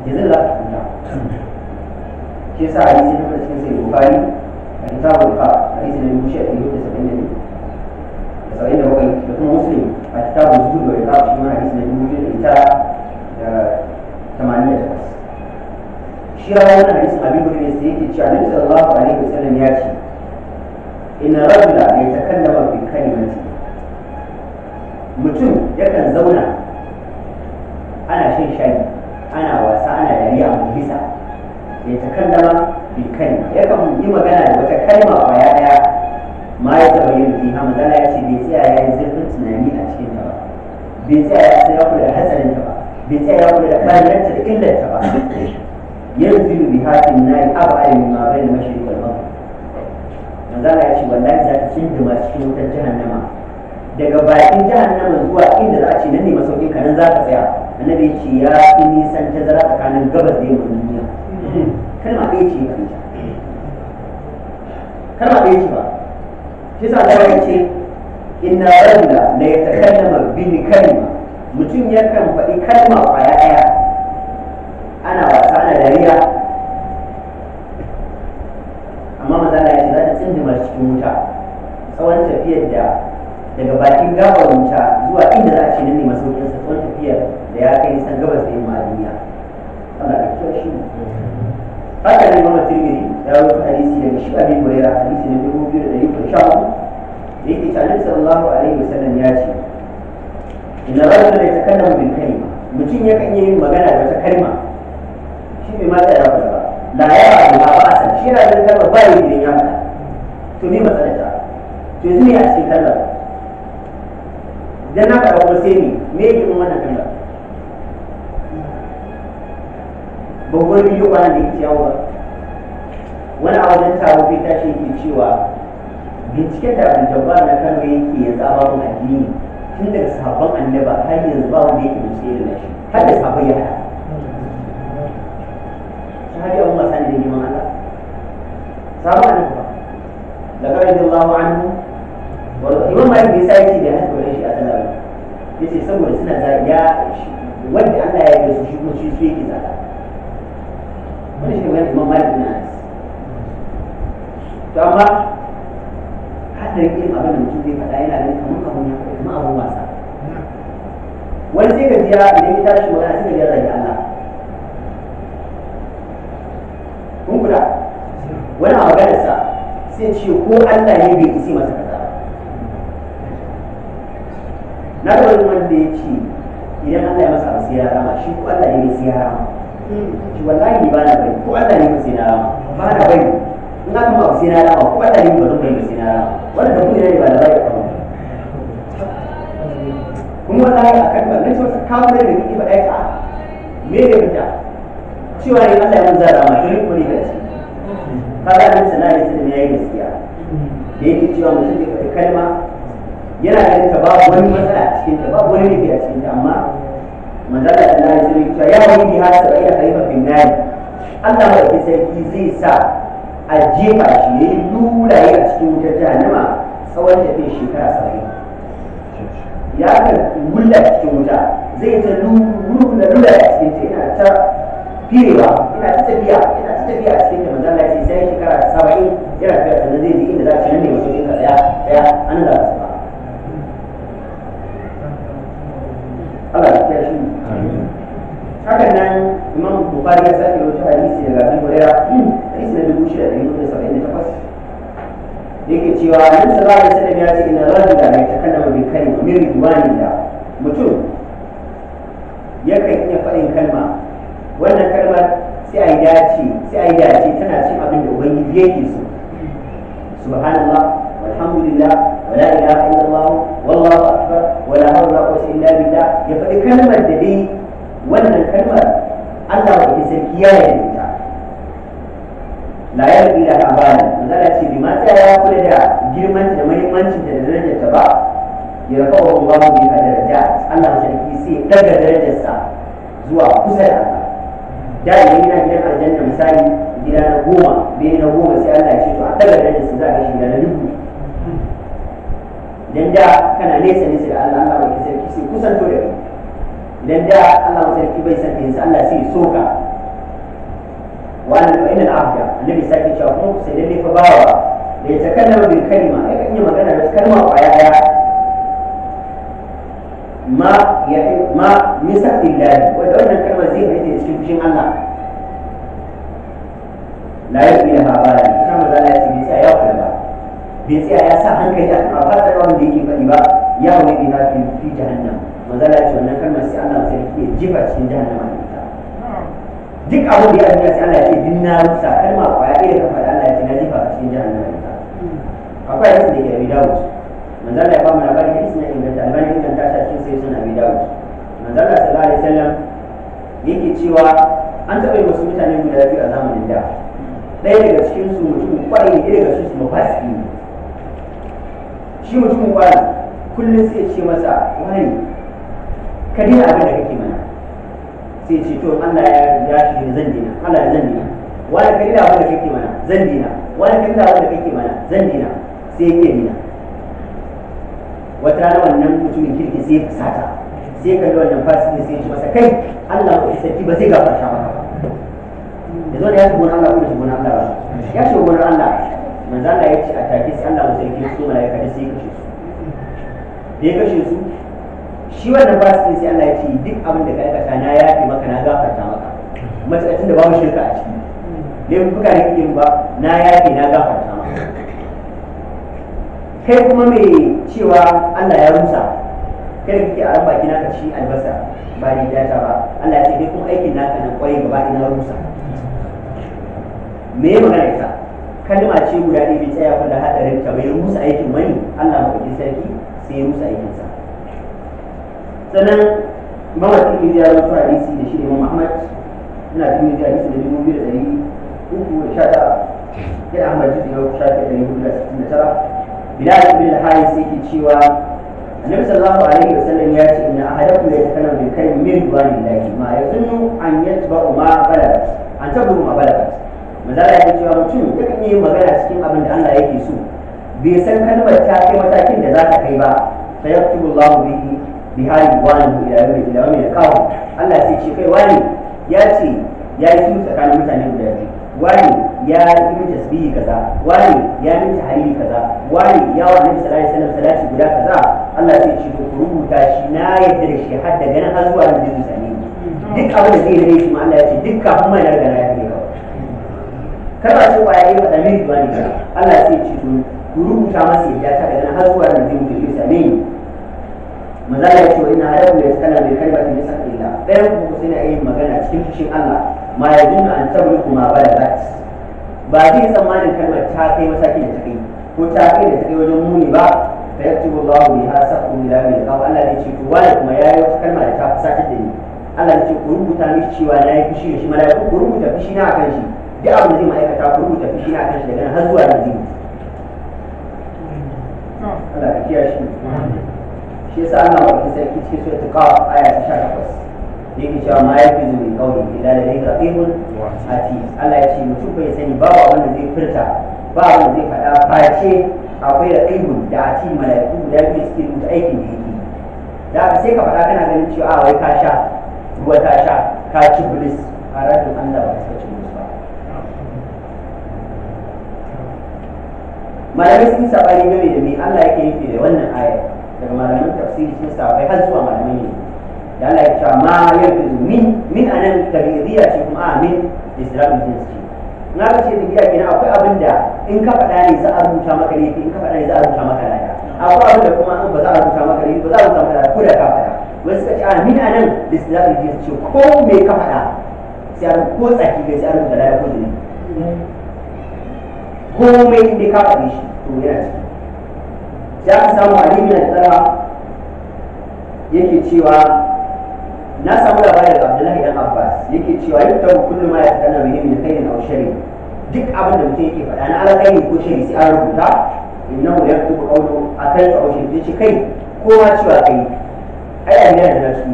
yanzu za ta kunna shi yasa a yi sai cikin sai bukari a yi zaɓar ka a yi sai dubu shi a ɗari da saba'in da da saba'in da bakwai da kuma muslim a kitabun zuhur da rika shi mana a yi sai dubu biyu da ita da tamanin da takwas shi rawa wannan hadisin abin gudu ne sai yake cewa nabi sallallahu alaihi wasallam ya ce inna rajula ya takallama bi kalimati mutum yakan zauna ana shan shayi ana wasa ana dariya a bisa ya ta dama bi ya yakan yi magana da wata kalma ya daya ma ya taɓa yin fi hamzala ya ce bai tsaya ya yi zurfin tunani a cikin ta ba bai tsaya ya tsaya kula da hatsarin ta ba bai tsaya ya kula da kariyarta da illarta ba yanzu bi hafin na yi abu a yi ma bai da mashi wal mafi manzala ya ce wallahi za ta ma cikin wutar jihar nama daga bakin nama zuwa inda za a ce nan ne masaukin ka nan za ka tsaya annabi ya ce ya fi nisan tazara tsakanin gabas da yamma duniya kalma ɗaya ce ita kalma ɗaya ce ba shi sa da ya ce inna rajula la yatakallama bi kalma mutum yakan faɗi kalma kwaya ɗaya ana wasa ana dariya amma maza ya ce za ta tsindima cikin wuta tsawon tafiyar da daga bakin gabar wuta zuwa inda za a ce nan ne masaukinsa tirmidhi ya rubuta hadisi daga shi abin huraira hadisi na dubu biyu da sha da yake ya ce inna rajula la yatakallamu bil kalima mutum yakan yi magana da wata kalma shi bai ma ba la ya ba ba san shi yana da kalma ba yi gidan ya faɗa to matsalar ta to yanzu a cikin kalmar idan na faɗa kuma sai ni me yake wannan kalmar babban ba na da yake ba wani a wajen taro bai tashi yake cewa binciken da abin jabba na kano yake ya tsaba mun addini tun daga sabon annaba har yanzu ba wanda yake bincike da nashi har da sabon ya haɗa sahabi abu masu ne da neman Allah sabon annaba ba da karar da Allah anhu imam malik bai sa yake da hasu wani shi a sallah ya ce saboda suna za ya wanda Allah ya yi su shi kuma shi su yake zaɓa wani shi ne wani imam malik na to amma haɗin yin abin da mutum zai faɗa yana ganin kamar abun ya abun wasa wani sai ka jiya idan ya tashi magana sai ka jiya zagi Allah kun kula wani a maganarsa sai ce ko Allah ne bai isi masa kaza na da wani wanda ya ce idan Allah ya masa abu sai ya rama shi ko Allah ne bai sai ya rama shi wallahi ba na bai ko Allah ne bai sai rama ba na bai in aka ba sai na dama kuma ɗari ba zan bayyana sai na dama wannan da kuma ne ba da bai da kuma wata hanyar akan ba nan wata kawo da kike faɗa ka me ne mutum cewa ne Allah ya manzara ma shi ko ne gaci kaga nan sana ne sai yayi gaskiya da yake cewa mutum da kai kalma yana ganin ta babu wani matsala a cikin ta babu wani nufi a cikin ta amma manzara sana ne sai cewa ya wani bi har sabai da kalifa bin nari Allah ba ke sarki zai sa a jefa shi ya yi lulaye a cikin wutar jahannama tsawon tafiyar shekara saba'in ya kan wulla cikin wuta zai ta lura lura cikin ta yana ta firewa yana ta tafiya yana ta tafiya a cikin ta سبحان الله والحمد لله ولا إله إلا الله والله أكبر ولا حول ولا قوة إلا بالله ya faɗi kalmar da dai wannan kalmar Allah wa ke sarki ya yi ta la ya bi da habana magana ce bi mata ya kula da girman da muhimmancin da darajar ta ba ya rafa wa Allah bi a daraja Allah ta sarki sai daga darajarsa zuwa kusa da Allah da yana gidan aljanna misali gida na goma bai na goma sai Allah ya ce to a daga darajar su za a shi na dubu dan da kana nesa nesa da Allah Allah bai sarki sai kusanto da kai dan da Allah bai sarki bai san kansa Allah sai soka wa an wa inna al-abda annabi sai ya ce sai dai fa bawa da ya takallama bil kalima ya kan yi magana da kalma kwaya daya ma ya ma min sakillah wanda wannan kalma zai fita cikin fushin Allah la yakuna habara kana da ya ce sai ya kula bai tsaya ya sa an hankali a kan ba sai wanda yake faɗi ba ya wani bi na fi fi jahannam ya ce wannan kalmar sai Allah sai yake jifa cikin jahannama ne duk abu da ya duniya sai Allah ya ce din na rusa kalma ba ya kwaya ɗaya da Allah ya ce na jifa cikin jahannama ne akwai hadisi da ke Abi Dawud manzala ya ba mu bari kai suna inganta albani inganta shi cikin sai suna Abi Dawud manzala sallallahu alaihi wasallam yake cewa an taɓa yi wasu mutane guda biyu a zamanin da ɗaya daga cikin su mutum kwarai ne daga cikin su mafasiki ne shi mutum kwaye kullum sai ce masa wani ka dina abin da kake mana sai ce to Allah ya ya shi zan dina Allah ya zan dina wani ka dina abin da kake mana zan dina wani ka dina abin da kake mana zan dina sai yake dina wata rana wannan mutumin kirki sai ya fusata sai kalli wannan fasiki sai ya ce masa kai Allah ya sarki ba zai gafarta dole ya shigo Allah ko da Allah ba ya shigo wani Allah manzo Allah ya ce a take sai Allah sai ke so malaika da sai kashe su da ya kashe su shi wannan ba su sai Allah ya ce duk abin da ka aikata na yafe maka na gafarta maka matsakacin da babu shirka a ciki ne kuka ne kike ba na yafi na gafarta maka kai kuma mai cewa Allah ya rusa kai da kike a ran na ka ci albasa ba ni data ba Allah ya ce dai kuma aikin naka na kwarai gaba ina rusa me ya magana ita kalma ce guda ɗaya bai tsaya kula hadarin ta bai rusa aikin mani Allah maɗauki sarki sai ya rusa aikin sa sannan mawaki ne ya rusa hadisi da shi ne Muhammad ina cikin da hadisi da dubu biyu da ɗari uku da sha tara yana Ahmad jiki na shafi ɗari hudu da sittin da tara Bilal ibn al-Haris ke cewa Annabi sallallahu alaihi wasallam ya ce inna ahadakum la yatakallamu bi kalimatin min dunillahi ma yazunnu an yatba'u ma balagat an tabu ma balagat manzala ya cewa mutum duk yi magana cikin abin da Allah yake so bai san kalmar ta kai matakin da za ta kai ba fa yaktubu Allahu bihi bi hali wani ila yawmi ila da kawo Allah sai ce kai wani ya ce ya yi sun tsakanin mutane guda biyu wani ya yi min tasbihi kaza wani ya yi min tahlili kaza wani ya wa nabi sallallahu alaihi wasallam salati guda kaza Allah sai ce ku rubuta shi na yadda da shi har daga nan har zuwa nan da mutane duk abin da zai rage shi ma Allah ya ce duk kafin mai na riga na kana so ba ya yi wa amin Allah sai ce to ku rubuta masa yadda ta daga har zuwa nan zai mutu isa ne maza ya ce wa ina hadabu ya tsala da kai ba ta nisa illa ɗayan ku ku sai yin magana cikin fushin Allah ma ya dinga an tabbata kuma ba da ba zai tsammanin kalmar ta kai matakin da ta kai ko ta kai da ta kai wajen muni ba fa yaktubu Allahu biha saqu ila mai kawo Allah ne ce to wani kuma ya yi wata kalma da ta fasata da ni Allah ne ce ku rubuta mishi cewa na yi fushi da shi mala'iku ku rubuta fushi na kan shi duk abin da zai ma'aikata ku rubuta fushi na kan shi daga nan har zuwa yanzu Allah ka kiyaye shi shi yasa ana wa sarki cikin suratul qaf aya ta 18 yake cewa ma ya fi zuri kauli illa da yake raqibun ati Allah ya ce mutum bai sani ba ba wanda zai furta ba wanda zai faɗa face akwai raqibun da ati malaiku da biyu suke rubuta aikin da yake da aka sai ka faɗa kana ganin cewa a wai ka sha ruwa ta sha ka ci bilis a radin Allah ba ka ci bilis malamai sun sabani game da me Allah yake yi da wannan ayar daga malamin tafsiri sun sabai har zuwa malamai ne da Allah ya ce ma yarfizu min min anan tabiriya ce kuma amin isra'il jins ce na ga ce tabiya kenan akwai abin da in ka faɗa ne za a rubuta maka laifi in ka faɗa ne za a rubuta maka laifi akwai abin da kuma an ba za a rubuta maka laifi ba za a rubuta maka laifi ko da ka faɗa wani suka ce amin anan isra'il jins ce ko me ka faɗa sai a ko tsaki ga sai a rubuta laifi ko jini komai da ka faɗi shi to yana ci ya ka samu na tsara yake cewa na samu labarin da abdullahi dan abbas yake cewa yadda kullum ma ya tsana mai yin kai na ushari duk abin da mutum yake faɗa na alƙairi ko shari sai an rubuta innahu yaktubu qawlu akai aw shari shi kai kowa cewa kai ai a gida da na su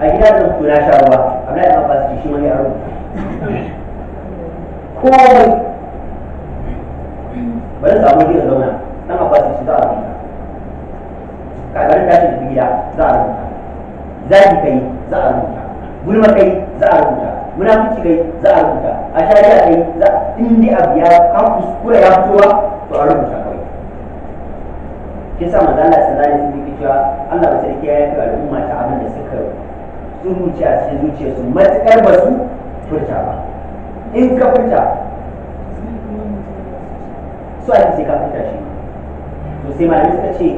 a gida da su na sha ruwa abdullahi dan abbas shi ma ya rubuta ko bari samu gina zauna nan akwai su za a rubuta kagarin tashi da gida za a rubuta zaki kai za'a rubuta gulma kai za'a a rubuta munafici kai za'a rubuta a shari'a kai za in dai abu ya kan kuskura ya fitowa to a rubuta kawai kin sa manzo Allah sallallahu alaihi wasallam cewa Allah bai sarki ya yi al'umma ta abin da suka sun wuce a cikin zuciyarsu matukar ba su furta ba in ka furta so ake sai ka fita shi to sai malamai suka ce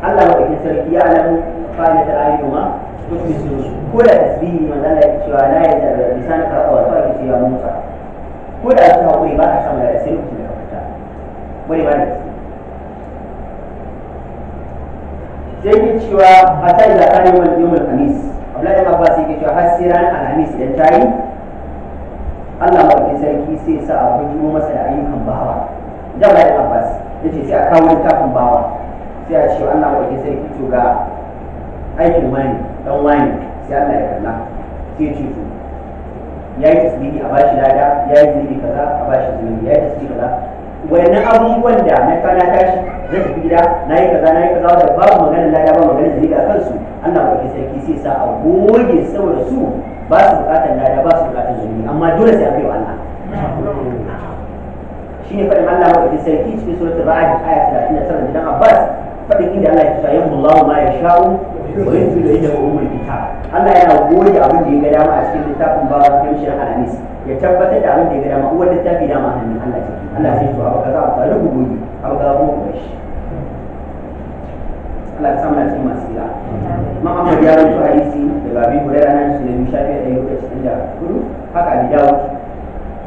Allah wa ɗaukin sarki ya alamu fa'ina ta ayi ma mutum su ko da tasbihi manzo Allah ya cewa la ya zarra lisan ka wa to ake cewa Musa ko da su hakuri ba ka samu da sai lokacin da ka fita wani ba da sai ke cewa a ta yi zakari wani yawon alhamis abdullahi ɗan abbas yake cewa har sai ranar alhamis idan ta yi Allah maɗaukin sarki sai sa a bujiro masa da ayyukan bawa Abdullahi dan Abbas yace sai a kawo littafin bawa sai a ce Allah wani sai fito ga aikin wani dan wani sai Allah ya kalla sai ya ce to ya yi tasbihi a bashi lada ya yi tasbihi kaza a bashi zunubi ya yi tasbihi kaza wannan abubuwan da na kana tashi na tafi gida na yi kaza na yi kaza da babu magana lada babu magana zunubi a kansu Allah sai sarki sai sa a goge saboda su ba su bukatar lada ba su bukatar zuri amma dole sai a ne faɗin Allah wa sarki cikin suratul ra'd aya 37 dan Abbas fadin inda Allah ya tsaya yamullahu ma yasha'u wa yunzilu ilayhi umul kitab Allah yana goge abin da ya ga dama a cikin littafin ba shirin al'anis ya tabbatar da abin da ya ga dama uwar littafi dama a hannun Allah ce Allah sai to abu kaza a kaza ku goge abu kaza kuma ku bashi Allah ya samu na cikin masu ila ma amma ya rubuta hadisi da babi hurairah nan shi ne mishafi da yau da cikin haka bi dawo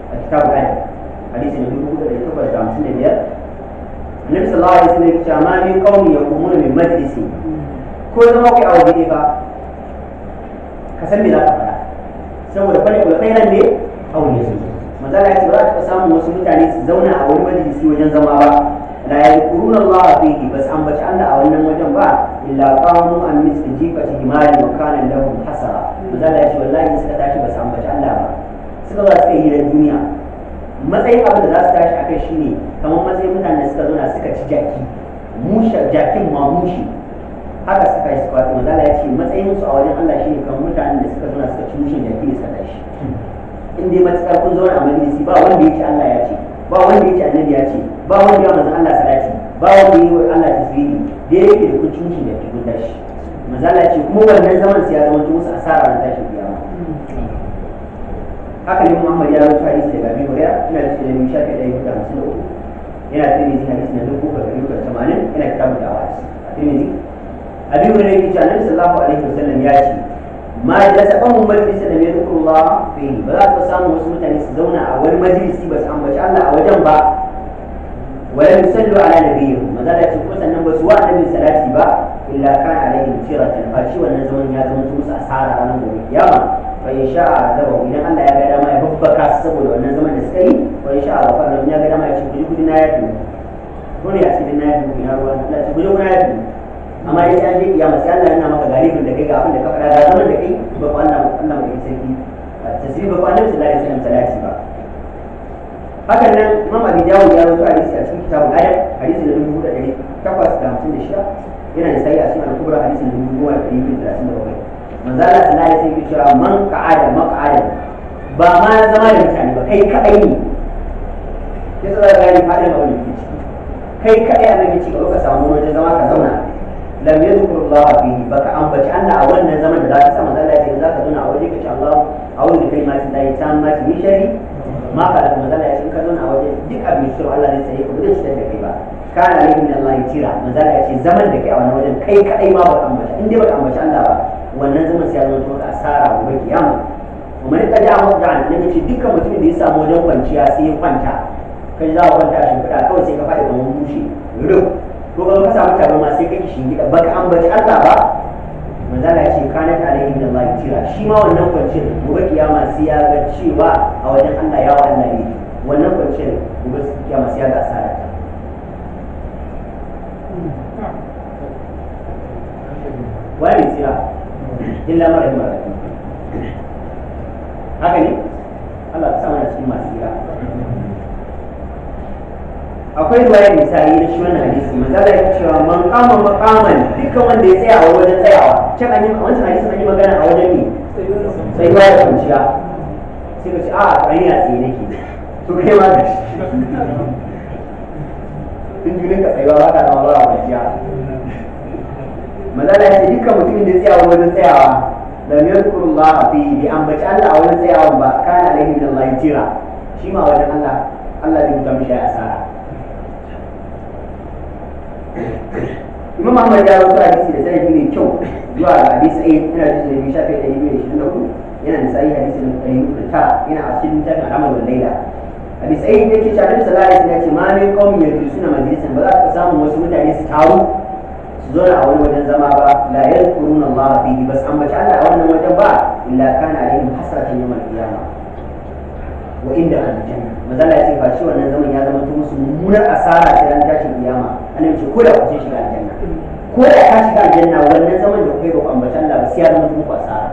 a kitabul ayat hadisi na dubu da takwas da hamsin da biyar annabi sallallahu alaihi wasallam ya ce ma min qaumi yaqumuna min majlisi ko zama kai a waje ba ka san me za ka faɗa saboda fali kula kai nan ne aure su manzo Allah ya ce ba za ka samu wasu mutane su zauna a wani majalisi wajen zama ba la yadkuruna Allah fihi bas an bace Allah a wannan wajen ba illa qamu an miski jifati himari wa kana lahum hasara manzo Allah ya ce wallahi suka tashi bas an bace Allah ba suka ba su yi da duniya matsayin abin da za su tashi shi shine kamar matsayin mutane suka zo na suka ci jaki musha jakin ma mushi haka suka yi suka wato manzala ya ce matsayin su a wajen Allah ne kamar mutanen da suka zo na suka ci mushin jaki ne suka shi in dai matsakar kun zauna a majalisi ba wanda ya ce Allah ya ce ba wanda ya ce annabi ya ce ba wanda ya manzan Allah salati ba wanda ya yi Allah tasiri da ya yake da kuncin da ke gudashi manzala ce kuma wannan zaman sai ya zama musu asara na tashin kiyama haka ne Muhammad ya rubuta hadisi daga Abi Hurairah ina da sunan Misha da Ibn Hamsin da uku yana Tirmidhi hadisi na dubu da dubu da tamanin ina kitabu da hadisi a Tirmidhi Abi Hurairah yake cewa Annabi sallallahu alaihi wasallam ya ce ma jasabahu majlisan lam yadhkurullah fi ba za ka samu wasu mutane su zauna a wani majalisi ba su ambaci Allah a wajen ba wa lam yusallu ala nabiyyihim maza da ce ko sannan ba su wa annabi salati ba illa kana alaihim siratan fa ci wannan zaman ya zama musu asara ranar gobe kiyama wani sha a zaba idan Allah ya ga dama ya babbaka su saboda wannan zaman da suka yi wani sha a wafa nan ya ga dama ya ce guji guji na ya tuni ko ne a cikin na ya tuni ya ruwa na ya ce guji guji na ya tuni amma dai sai an je kiyama sai Allah yana maka galibin da kai ga abin da ka faɗa ga zaman da kai ba ku Allah Allah mai sarki tasiri ba ku Allah sallallahu alaihi wasallam salati ba hakan nan Imam Abi Dawud ya rawaito hadisi a cikin kitabul adab hadisi na dubu da ɗari takwas da hamsin da shida yana da sai a cikin al-kubra hadisi na dubu goma da ɗari biyu da talatin da bakwai manzala Allah ya sai kira man ka'ada ka'ada ba ma zama da mutane ba kai kadai ne ya tsara gani fadin abin wani kici kai kadai a nan ci gaba ka samu wajen zama ka zauna lam yadhkur Allah fihi baka ambaci Allah a wannan zaman da za ka sama Allah ya ce za ka zauna a waje ka wani Allah a'udhu bi kalimati ta tammati min shari ma khalaq manzala ya ce ka zauna a waje duk abin shi Allah ne sai ku kudu shi da kai ba kana alaihi min Allah tira manzala ya ce zaman da kai a wannan wajen kai kadai ma baka ambaci in dai baka ambaci Allah ba wannan zaman sai ya zama maka asara wa makiyama kuma ne kaji amma da annabi ce dukkan mutumin da ya samu wajen kwanciya sai ya kwanta kai za ka kwanta shi fada kawai sai ka faɗi kamar bushe rub ko ka samu ma sai ka shi gida baka ambaci Allah ba manzala ya ce ta alaihi da mai tira shi ma wannan kwanciyar gobe kiyama sai ya ga cewa a wajen Allah ya wa Allah ne wannan kwanciyar gobe kiyama sai ya ga asara ta wani tira illa ma rahimar haka ne Allah ta samu cikin masu gira akwai ruwaya misali na shi wannan hadisi manzo da yake cewa man kama maqaman duka wanda ya tsaya a wajen tsayawa can an yi wancan hadisi an yi magana a wajen ne sai ba ya kwanciya sai ka ce a ah, a ni a tsaye nake to kai ma da shi in junin ka tsayuwa ba ka zama ba a kwanciya manzala ya ce dukkan mutumin da tsayawa wajen tsayawa da mai ba a fi bi ambaci Allah a wajen tsayawa ba kana alaihi da Allah jira shi ma wajen Allah Allah zai mutum shi asara imam Ahmad ya a hadisi da sanadi mai kyau zuwa ga hadisi ɗaya ina da shi da shafi ɗari biyu da shirin da ku yana da sahihi hadisi da ɗari da yana a cikin ta al'amar da laila hadisi ɗaya da ke shafi salari suna ce ma min kawai mai suna majalisan ba za ka samu wasu mutane su taru su zauna a wani wajen zama ba la yadhkuruna Allah fihi bas ambaci Allah a wannan wajen ba illa kana alaihim hasratan yawmal qiyamah wa inda aljanna mazalla ya ce ba shi wannan zaman ya zama to musu mummunar asara ta ran tashin kiyama annabi ce ko da ku shiga aljanna ko da ka shiga aljanna wannan zaman da kai ba ku ambaci Allah ba sai ya zama muku asara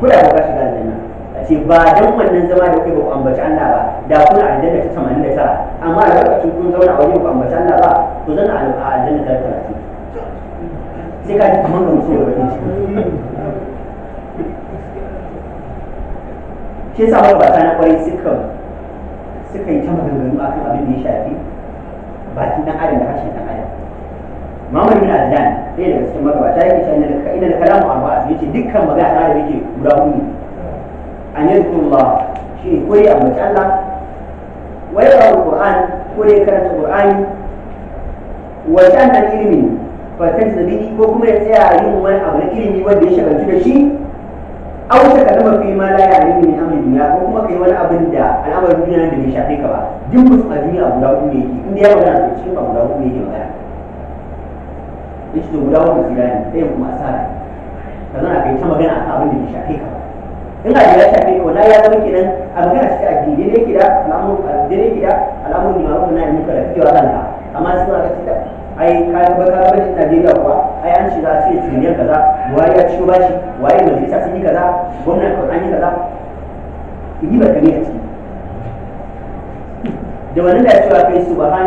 ko da ka shiga aljanna a ce ba don wannan zama da kai ba ku ambaci Allah ba da kuna aljanna ta 89 amma a lokacin kun zauna a waje ba ku ambaci Allah ba ku zana a aljanna ta 30 sai ka ji kamar da sa yi ta a kan abin ya shafi bakin ɗan adam da harshen ɗan adam cikin inda kalamu arba'a dukkan magana ta guda hudu an Allah ko qur'ani fatan zabini ko kuma ya tsaya yin wani abu na ilimi wanda ya shagaltu da shi au ta kalama fi ma la yi min amin dunya ko kuma kai wani abin da al'amarin duniya da bai shafe ka ba duk musu a duniya guda hudu ne yake inda ya magana to cikin ba guda hudu ne yake magana ce to guda hudu tsira ne ɗaya kuma asara ka zana kai ta magana a abin da bai shafe ka ba in a ya shafe ka wala ya zama kenan a magana cikin addini ne ke da al'amuran ne ke da al'amuran ne ma'amuran na yi muka da fiye wa amma sai ma ka da ai ka ga baka bajin Najeriya kuwa ai an shiga ce trillion kaza waye ya ciyo bashi waye majalisa sun yi kaza gwamnati an yi kaza yi ba kame a ciki da wannan da cewa kai ba.